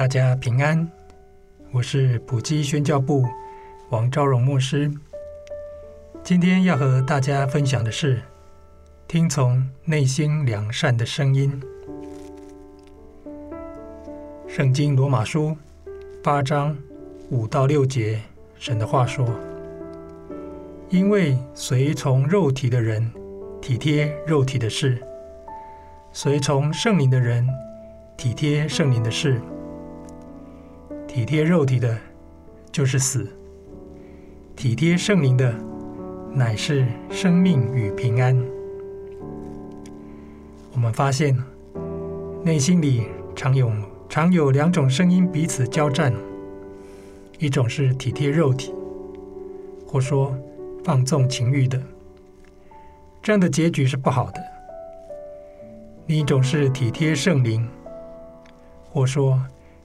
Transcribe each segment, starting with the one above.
大家平安，我是埔基宣教部王昭榮牧師。今天要和大家分享的是：聽從內心良善的聲音。聖經羅馬書八章五到六節，神的話說：“因為隨從肉體的人體貼肉體的事，隨從聖靈的人體貼聖靈的事。”體貼肉體的，就是死；體貼聖靈的，乃是生命與平安。我們發現，內心裡常有常有兩種聲音彼此交戰：一種是體貼肉體，或說放縱情欲的；這樣的結局是不好的。另一種是體貼聖靈，或說。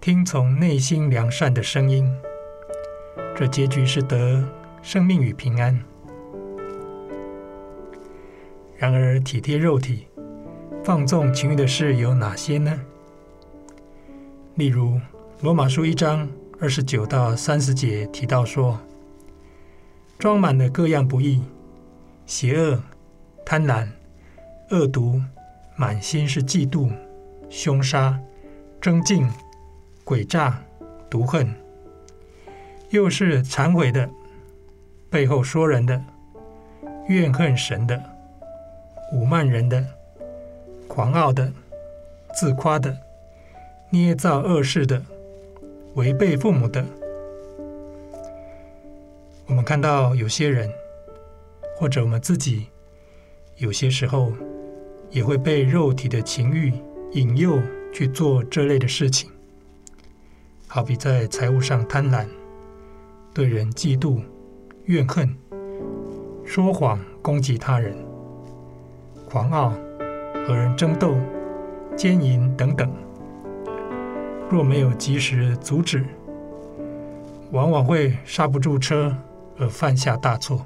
聽從內心良善的聲音，這結局是得生命與平安。然而，體貼肉體、放縱情欲的事有哪些呢？例如，《羅馬書》一章二十九到三十節提到說：“裝滿了各樣不義、邪惡、貪婪、惡毒，滿心是嫉妒、兇殺、爭競。”詭詐、毒恨，又是讒毀的，背後說人的，怨恨神的，侮慢人的，狂傲的，自誇的，捏造惡事的，違背父母的。我們看到有些人，或者我們自己，有些時候也會被肉體的情慾引誘去做這類的事情。好比在財務上貪婪，對人嫉妒、怨恨、說謊、攻擊他人、狂傲、和人爭鬥、奸淫等等，若沒有及時阻止，往往會剎不住車而犯下大錯。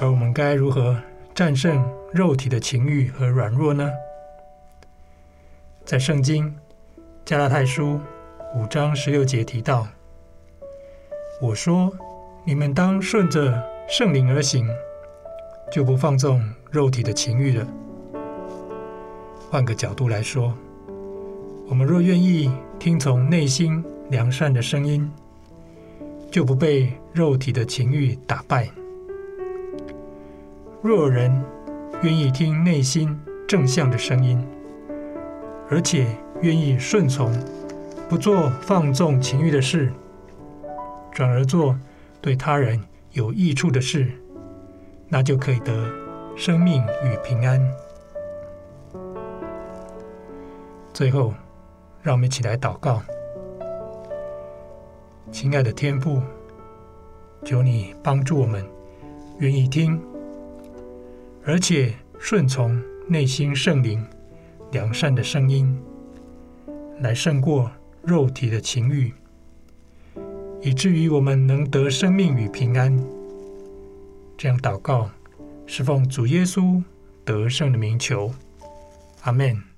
而我們該如何戰勝肉體的情欲和軟弱呢？在聖經《加拉太書》五章十六節提到：“我說，你們當順着聖靈而行，就不放縱肉體的情欲了。”換個角度來說，我們若願意聽從內心良善的聲音，就不被肉體的情欲打敗；若人願意聽內心正向的聲音，而且願意順從，不做放縱情慾的事，轉而做對他人有益處的事，那就可以得生命與平安。最後，讓我們一起來禱告，親愛的天父，求你幫助我們願意聽，而且順從內心聖靈。良善的聲音，來勝過肉體的情欲，以至於我們能得生命與平安。這樣禱告，是奉主耶穌得勝的名求。阿門。